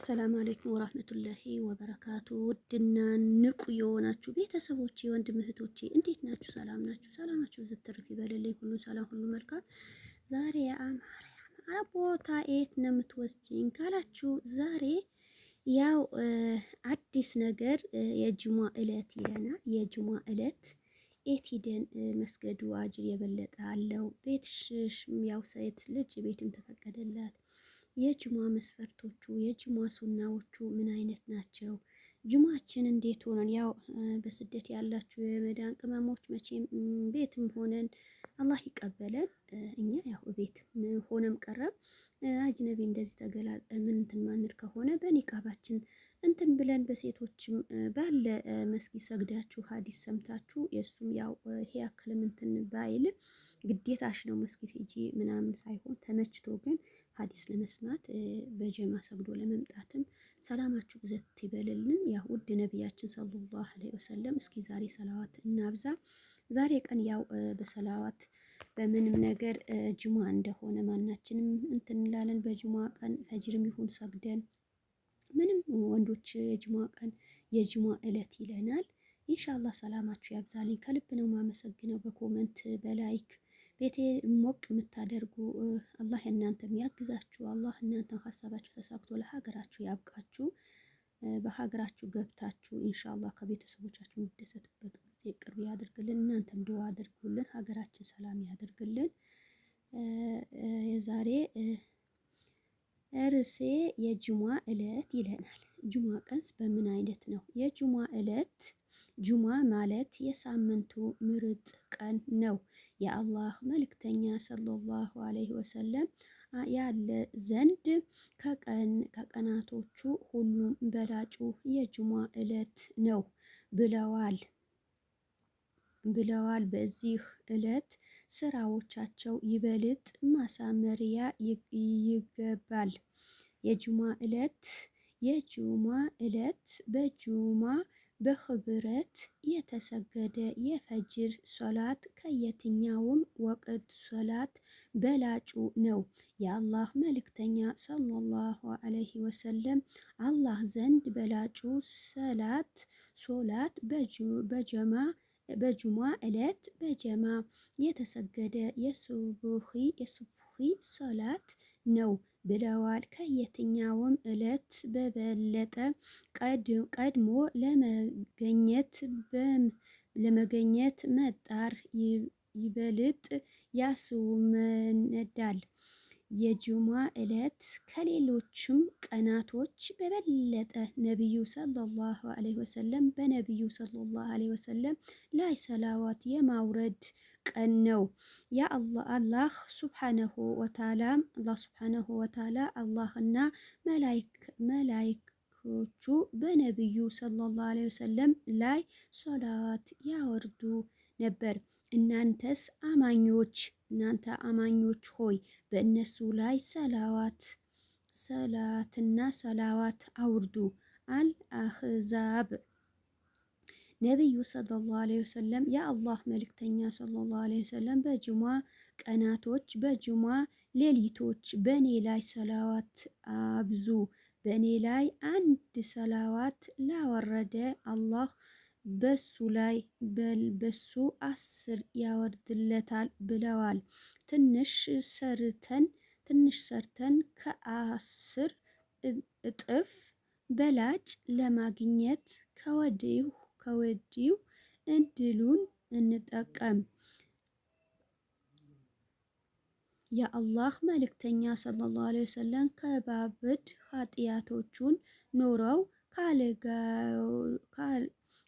አሰላሙ አለይኩም ወራህመቱላሂ ወበረካቱ። ውድና ንቁ የሆናችሁ ቤተሰቦቼ፣ ወንድም እህቶቼ እንዴት ናችሁ? ሰላም ናችሁ? ሰላማችሁ ዝትርፍ ይበልልኝ። ሁሉ ሰላም፣ ሁሉ መልካም። ዛሬ የአማራ የአማራ ቦታ የት ነው የምትወስጂኝ ካላችሁ፣ ዛሬ ያው አዲስ ነገር የጅማ እለት ይለናል። የጅማ እለት ኤት ሂደን መስገዱ አጅር የበለጠ አለው። ቤትሽ ያው ሴት ልጅ ቤትም ተፈቀደላት የጅማ መስፈርቶቹ የጅማ ሱናዎቹ ምን አይነት ናቸው? ጅማችን እንዴት ሆነን ያው በስደት ያላችሁ የመዳን ቅመሞች መቼም ቤትም ሆነን አላህ ይቀበለን። እኛ ያው ቤት ሆነም ቀረም አጅነቢ እንደዚህ ተገላጠ ምን እንትን ማንር ከሆነ በኒቃባችን እንትን ብለን በሴቶችም ባለ መስጊድ ሰግዳችሁ ሀዲስ ሰምታችሁ የእሱም ያው ይሄ ያክልም እንትን ባይልም ግዴታሽ ነው መስጊድ ሂጂ ምናምን ሳይሆን ተመችቶ ግን ሀዲስ ለመስማት በጀማ ሰግዶ ለመምጣትም ሰላማችሁ ብዘት ይበልልን። ያው ውድ ነቢያችን ሰለላሁ ዐለይሂ ወሰለም እስኪ ዛሬ ሰላዋት እናብዛ። ዛሬ ቀን ያው በሰላዋት በምንም ነገር ጅማ እንደሆነ ማናችንም እንትን እንላለን። በጅማ ቀን ፈጅርም ይሁን ሰግደን ምንም ወንዶች የጅማ ቀን የጅማ እለት ይለናል። ኢንሻአላህ ሰላማችሁ ያብዛልኝ። ከልብ ነው ማመሰግነው በኮመንት በላይክ ቤቴ ሞቅ የምታደርጉ አላህ እናንተ የሚያግዛችሁ አላህ እናንተ ሀሳባችሁ ተሳክቶ ለሀገራችሁ ያብቃችሁ። በሀገራችሁ ገብታችሁ ኢንሻአላህ ከቤተሰቦቻችሁ የሚደሰትበት ጊዜ ቅርብ ያድርግልን። እናንተም ድዋ አድርጉልን። ሀገራችን ሰላም ያድርግልን። የዛሬ ርሴ የጅሟ እለት ይለናል። ጅሟ ቀንስ በምን አይነት ነው? የጅሟ እለት ጁማ ማለት የሳምንቱ ምርጥ ቀን ነው። የአላህ መልእክተኛ ሰለላሁ ዐለይሂ ወሰለም ያለ ዘንድ ከቀን ከቀናቶቹ ሁሉም በላጩ የጁማ ዕለት ነው ብለዋል ብለዋል። በዚህ ዕለት ስራዎቻቸው ይበልጥ ማሳመሪያ ይገባል። የጁማ ዕለት የጁማ ዕለት በጁማ በህብረት የተሰገደ የፈጅር ሶላት ከየትኛውም ወቅት ሶላት በላጩ ነው። የአላህ መልእክተኛ ሰለላሁ አለይሂ ወሰለም አላህ ዘንድ በላጩ ሰላት ሶላት በጀማ በጁማ ዕለት በጀማ የተሰገደ የሱቡሂ የሱቡሂ ሶላት ነው። ብለዋል። ከየትኛውም ዕለት በበለጠ ቀድሞ ለመገኘት ለመገኘት መጣር ይበልጥ ያስውመነዳል። የጁማ ዕለት ከሌሎችም ቀናቶች በበለጠ ነቢዩ ሰለላሁ ዐለይሂ ወሰለም በነቢዩ ሰለላሁ ዐለይሂ ወሰለም ላይ ሰላዋት የማውረድ ቀን ነው። ያ አላህ ሱብሓነሁ ወተዓላ አላህ ሱብሓነሁ ወተዓላ አላህና መላይኮቹ በነቢዩ ሰለላሁ ዐለይሂ ወሰለም ላይ ሶላት ያወርዱ ነበር። እናንተስ አማኞች እናንተ አማኞች ሆይ በእነሱ ላይ ሰላዋት ሰላትና ሰላዋት አውርዱ። አል አህዛብ ነቢዩ ሰለላሁ ዐለይሂ ወሰለም የአላህ መልክተኛ ሰለላሁ ዐለይሂ ወሰለም በጅማ ቀናቶች በጅማ ሌሊቶች በእኔ ላይ ሰላዋት አብዙ፣ በእኔ ላይ አንድ ሰላዋት ላወረደ አላህ በሱ ላይ በሱ አስር ያወርድለታል ብለዋል። ትንሽ ሰርተን ትንሽ ሰርተን ከአስር እጥፍ በላጭ ለማግኘት ከወዲሁ ከወዲሁ እድሉን እንጠቀም። የአላህ መልእክተኛ ሰለላሁ ዐለይሂ ወሰለም ከባብድ ኃጢአቶቹን ኖረው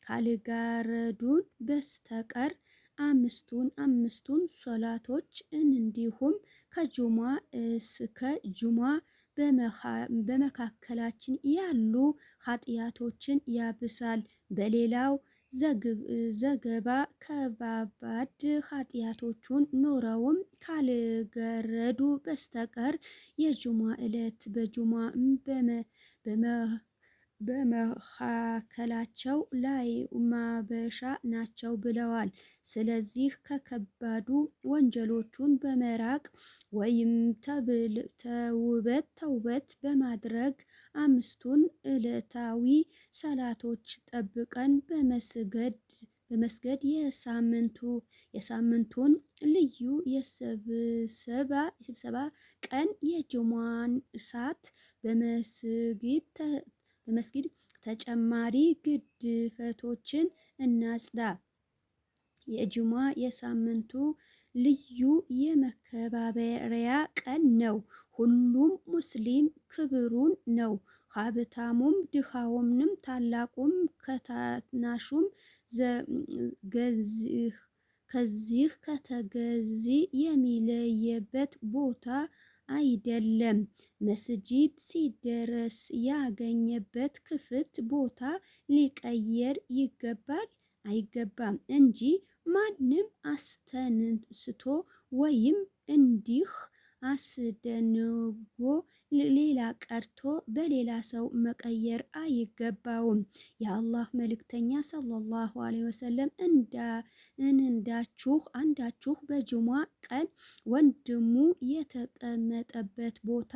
ካልጋረዱን በስተቀር አምስቱን አምስቱን ሶላቶች እንዲሁም ከጁማ እስከ ጁማ በመካከላችን ያሉ ኃጢአቶችን ያብሳል። በሌላው ዘገባ ከባባድ ኃጢአቶቹን ኖረውም ካልገረዱ በስተቀር የጁማ ዕለት በጁማ በመካከላቸው ላይ ማበሻ ናቸው ብለዋል። ስለዚህ ከከባዱ ወንጀሎቹን በመራቅ ወይም ተውበት ተውበት በማድረግ አምስቱን ዕለታዊ ሰላቶች ጠብቀን በመስገድ በመስገድ የሳምንቱ የሳምንቱን ልዩ የስብሰባ የስብሰባ ቀን የጅሟን ሰዓት በመስጊድ በመስጊድ ተጨማሪ ግድፈቶችን እናጽዳ። የጁማ የሳምንቱ ልዩ የመከባበሪያ ቀን ነው። ሁሉም ሙስሊም ክብሩን ነው። ሀብታሙም ድሃውምንም ታላቁም ከታናሹም ከዚህ ከተገዚ የሚለየበት ቦታ አይደለም። መስጂድ ሲደረስ ያገኘበት ክፍት ቦታ ሊቀየር ይገባል አይገባም እንጂ ማንም አስተንስቶ ወይም እንዲህ አስደንጎ ሌላ ቀርቶ በሌላ ሰው መቀየር አይገባውም። የአላህ መልእክተኛ ሰለላሁ ዐለይሂ ወሰለም እንዳችሁ አንዳችሁ በጅሟ ቀን ወንድሙ የተቀመጠበት ቦታ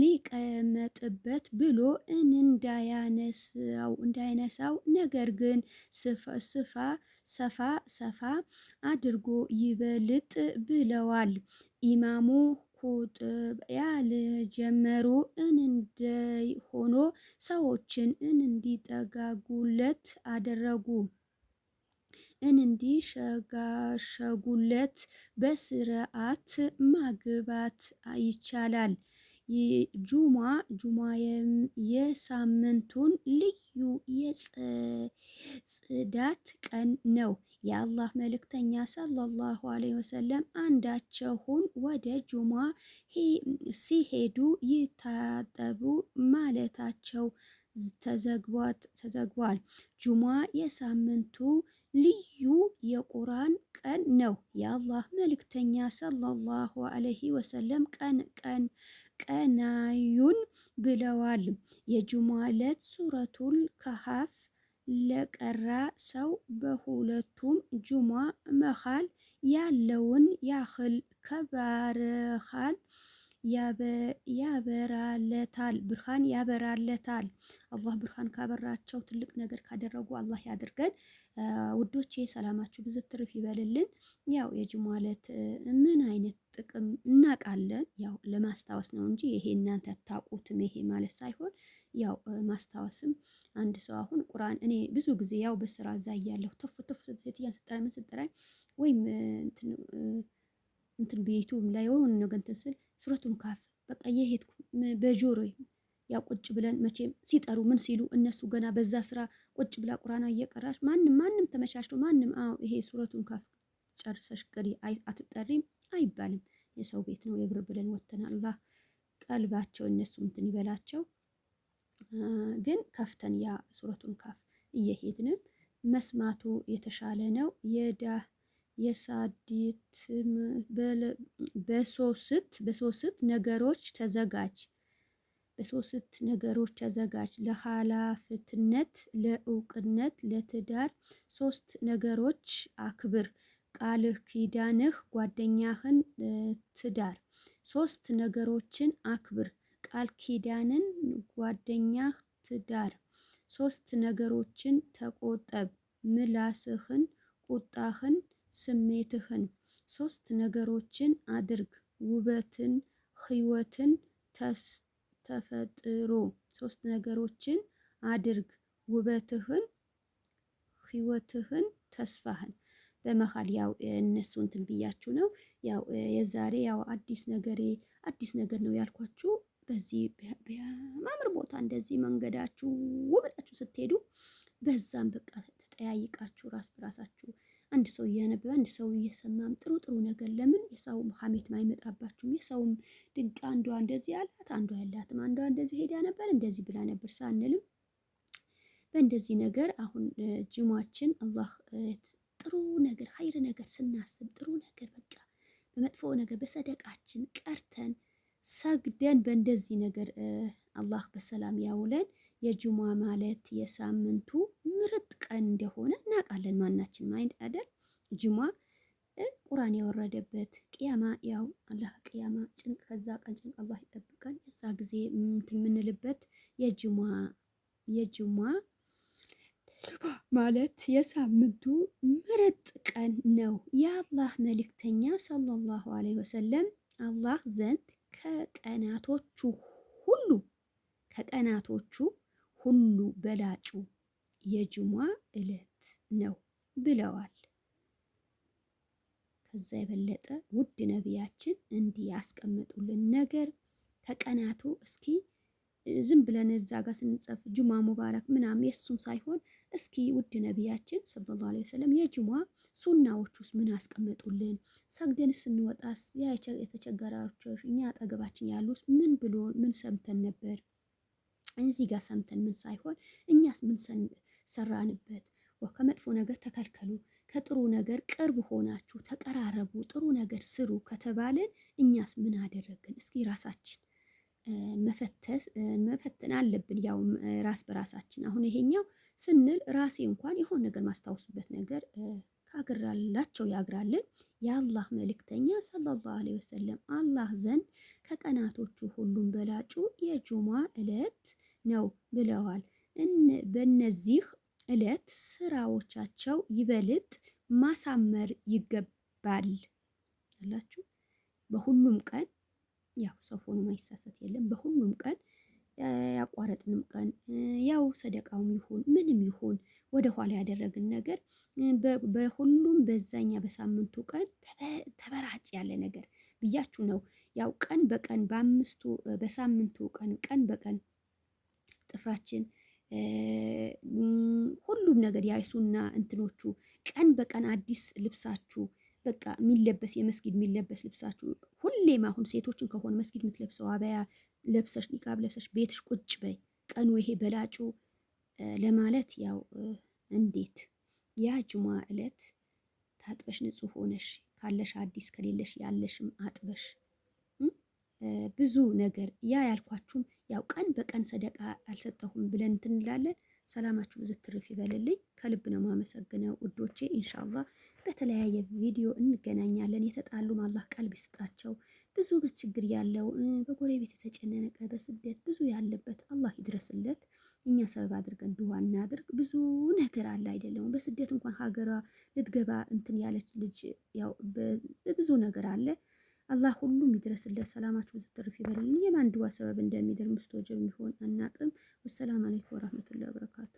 ሊቀመጥበት ብሎ እንዳያነሳው ነገር ግን ስፋ ሰፋ ሰፋ አድርጎ ይበልጥ ብለዋል። ኢማሙ ኹጥባ ያልጀመሩ እንዳይ ሆኖ ሰዎችን እንዲጠጋጉለት አደረጉ እንዲሸጋሸጉለት በስርዓት ማግባት ይቻላል። ጁማ ጁማ የሳምንቱን ልዩ የጽዳት ቀ የአላህ መልእክተኛ ሰለላሁ ዐለይሂ ወሰለም አንዳቸውን ወደ ጁማ ሲሄዱ ይታጠቡ ማለታቸው ተዘግቧል። ጁማ የሳምንቱ ልዩ የቁርአን ቀን ነው። የአላህ መልእክተኛ ሰለላሁ ዐለይሂ ወሰለም ቀን ቀን ቀናዩን ብለዋል። የጁማ ዕለት ሱረቱል ከሀፍ ለቀራ ሰው በሁለቱም ጁማ መሃል ያለውን ያህል ከባርሃል። ያበራለታል ብርሃን ያበራለታል። አላህ ብርሃን ካበራቸው ትልቅ ነገር ካደረጉ አላህ ያድርገን። ውዶቼ ሰላማችሁ ብዙ ትርፍ ይበልልን። ያው የጁማ ዕለት ምን አይነት ጥቅም እናውቃለን። ያው ለማስታወስ ነው እንጂ ይሄ እናንተ አታውቁትም ይሄ ማለት ሳይሆን ያው ማስታወስም አንድ ሰው አሁን ቁርአን እኔ ብዙ ጊዜ ያው በስራ እዛ እያለሁ ተፍ ተፍ ሴትዮዋን ስጠራኝ ምን ስጠራኝ ወይም እንትን ቤቱም ላይ የሆነ ነገር እንትን ስል ሱረቱን ካፍ በቃ የሄድኩ በጆሮ ያ ቁጭ ብለን መቼም ሲጠሩ ምን ሲሉ እነሱ ገና በዛ ስራ ቁጭ ብላ ቁራና እየቀራች ማንም ማንም ተመቻችቶ ማንም አዎ ይሄ ሱረቱን ካፍ ጨርሰሽ ቅሪ አትጠሪም አይባልም። የሰው ቤት ነው የብር ብለን ወተን አላህ ቀልባቸው እነሱ እንትን ይበላቸው። ግን ከፍተን ያ ሱረቱን ካፍ እየሄድንም መስማቱ የተሻለ ነው የዳ የሳዲት በሶስት በሶስት ነገሮች ተዘጋጅ በሶስት ነገሮች ተዘጋጅ ለኃላፍትነት፣ ለእውቅነት፣ ለትዳር ሶስት ነገሮች አክብር ቃልህ፣ ኪዳንህ፣ ጓደኛህን፣ ትዳር ሶስት ነገሮችን አክብር ቃል ኪዳንን፣ ጓደኛህ፣ ትዳር ሶስት ነገሮችን ተቆጠብ ምላስህን፣ ቁጣህን ስሜትህን። ሶስት ነገሮችን አድርግ ውበትን፣ ህይወትን፣ ተፈጥሮ። ሶስት ነገሮችን አድርግ ውበትህን፣ ህይወትህን፣ ተስፋህን። በመሀል ያው እነሱ እንትን ብያችሁ ነው። ያው የዛሬ ያው አዲስ ነገሬ አዲስ ነገር ነው ያልኳችሁ። በዚህ በማምር ቦታ እንደዚህ መንገዳችሁ ውብላችሁ ስትሄዱ በዛም በቃ ተጠያይቃችሁ ራስ በራሳችሁ አንድ ሰው እያነበበ አንድ ሰው እየሰማም ጥሩ ጥሩ ነገር ለምን የሰው ሀሜት አይመጣባችሁም። የሰውም ድንቅ አንዷ እንደዚህ ያላት አንዷ ያላትም አንዷ እንደዚህ ሄዳ ነበር እንደዚህ ብላ ነበር ሳንልም በእንደዚህ ነገር አሁን ጅማችን አላህ ጥሩ ነገር ሀይር ነገር ስናስብ ጥሩ ነገር በቃ በመጥፎ ነገር በሰደቃችን ቀርተን ሰግደን በእንደዚህ ነገር አላህ በሰላም ያውለን። የጁማ ማለት የሳምንቱ ምርጥ ቀን እንደሆነ እናውቃለን። ማናችን ማይንድ አደል ጅማ ቁራን የወረደበት ቅያማ፣ ያው አላህ ቅያማ ጭንቅ፣ ከዛ ቀን ጭንቅ አላህ ይጠብቀን። እዛ ጊዜ የምንልበት የጅማ የጅማ ማለት የሳምንቱ ምርጥ ቀን ነው። የአላህ መልእክተኛ ሰለላሁ ዐለይሂ ወሰለም አላህ ዘንድ ከቀናቶቹ ሁሉ ከቀናቶቹ ሁሉ በላጩ የጁማ እለት ነው ብለዋል። ከዛ የበለጠ ውድ ነቢያችን እንዲህ ያስቀመጡልን ነገር ተቀናቶ እስኪ ዝም ብለን እዛ ጋር ስንጽፍ ጁማ ሙባረክ ምናምን የእሱም ሳይሆን እስኪ ውድ ነቢያችን ሰለላሁ ዐለይሂ ወሰለም የጁማ ሱናዎች ውስጥ ምን አስቀመጡልን? ሰግደን ስንወጣስ የተቸገራቸው እኛ አጠገባችን ያሉ ምን ብሎ ምን ሰምተን ነበር? እዚህ ጋር ሰምተን ምን ሳይሆን እኛስ ምን ሰራንበት? ከመጥፎ ነገር ተከልከሉ፣ ከጥሩ ነገር ቅርብ ሆናችሁ ተቀራረቡ፣ ጥሩ ነገር ስሩ ከተባልን እኛስ ምን አደረግን? እስኪ ራሳችን መፈተን አለብን። ያው ራስ በራሳችን አሁን ይሄኛው ስንል ራሴ እንኳን የሆነ ነገር ማስታወሱበት ነገር ካግራላቸው ያግራልን የአላህ መልእክተኛ ሰለላሁ ዐለይሂ ወሰለም አላህ ዘንድ ከቀናቶቹ ሁሉም በላጩ የጁማ ዕለት ነው ብለዋል። በነዚህ ዕለት ስራዎቻቸው ይበልጥ ማሳመር ይገባል አላችሁ። በሁሉም ቀን ያው ሰው ሆኖ ማይሳሳት የለም። በሁሉም ቀን ያቋረጥንም ቀን ያው ሰደቃውም ይሁን ምንም ይሁን ወደ ኋላ ያደረግን ነገር በሁሉም በዛኛ በሳምንቱ ቀን ተበራጭ ያለ ነገር ብያችሁ ነው። ያው ቀን በቀን በአምስቱ በሳምንቱ ቀን ቀን በቀን ጥፍራችን ሁሉም ነገር ያይሱና እንትኖቹ ቀን በቀን አዲስ ልብሳችሁ በቃ የሚለበስ የመስጊድ የሚለበስ ልብሳችሁ ሁሌም አሁን ሴቶችን ከሆነ መስጊድ የምትለብሰው አበያ ለብሰሽ ኒቃብ ለብሰሽ ቤትሽ ቁጭ በይ። ቀኑ ይሄ በላጩ ለማለት ያው እንዴት ያ ጅማ ዕለት ታጥበሽ ንጹህ ሆነሽ ካለሽ አዲስ ከሌለሽ ያለሽም አጥበሽ ብዙ ነገር ያ ያልኳችሁም ያው ቀን በቀን ሰደቃ አልሰጠሁም ብለን እንትን እንላለን። ሰላማችሁ ብዙ ትርፍ ይበልልኝ። ከልብ ነው ማመሰግነው ውዶቼ። እንሻላ በተለያየ ቪዲዮ እንገናኛለን። የተጣሉም አላህ ቀልብ ይስጣቸው። ብዙ በችግር ያለው በጎረቤት የተጨነነቀ በስደት ብዙ ያለበት አላህ ይድረስለት። እኛ ሰበብ አድርገን ድዋ እናድርግ። ብዙ ነገር አለ አይደለም? በስደት እንኳን ሀገሯ ልትገባ እንትን ያለች ልጅ ያው ብዙ ነገር አለ። አላህ ሁሉም ይድረስለት። ሰላማችሁ ዝትርፍ ይበልልኝ። የማን ድዋ ሰበብ እንደሚደርስ ምስተወጀብ የሚሆን አናቅም። ወሰላም አለይኩም ወራህመቱላሂ ወበረካቱ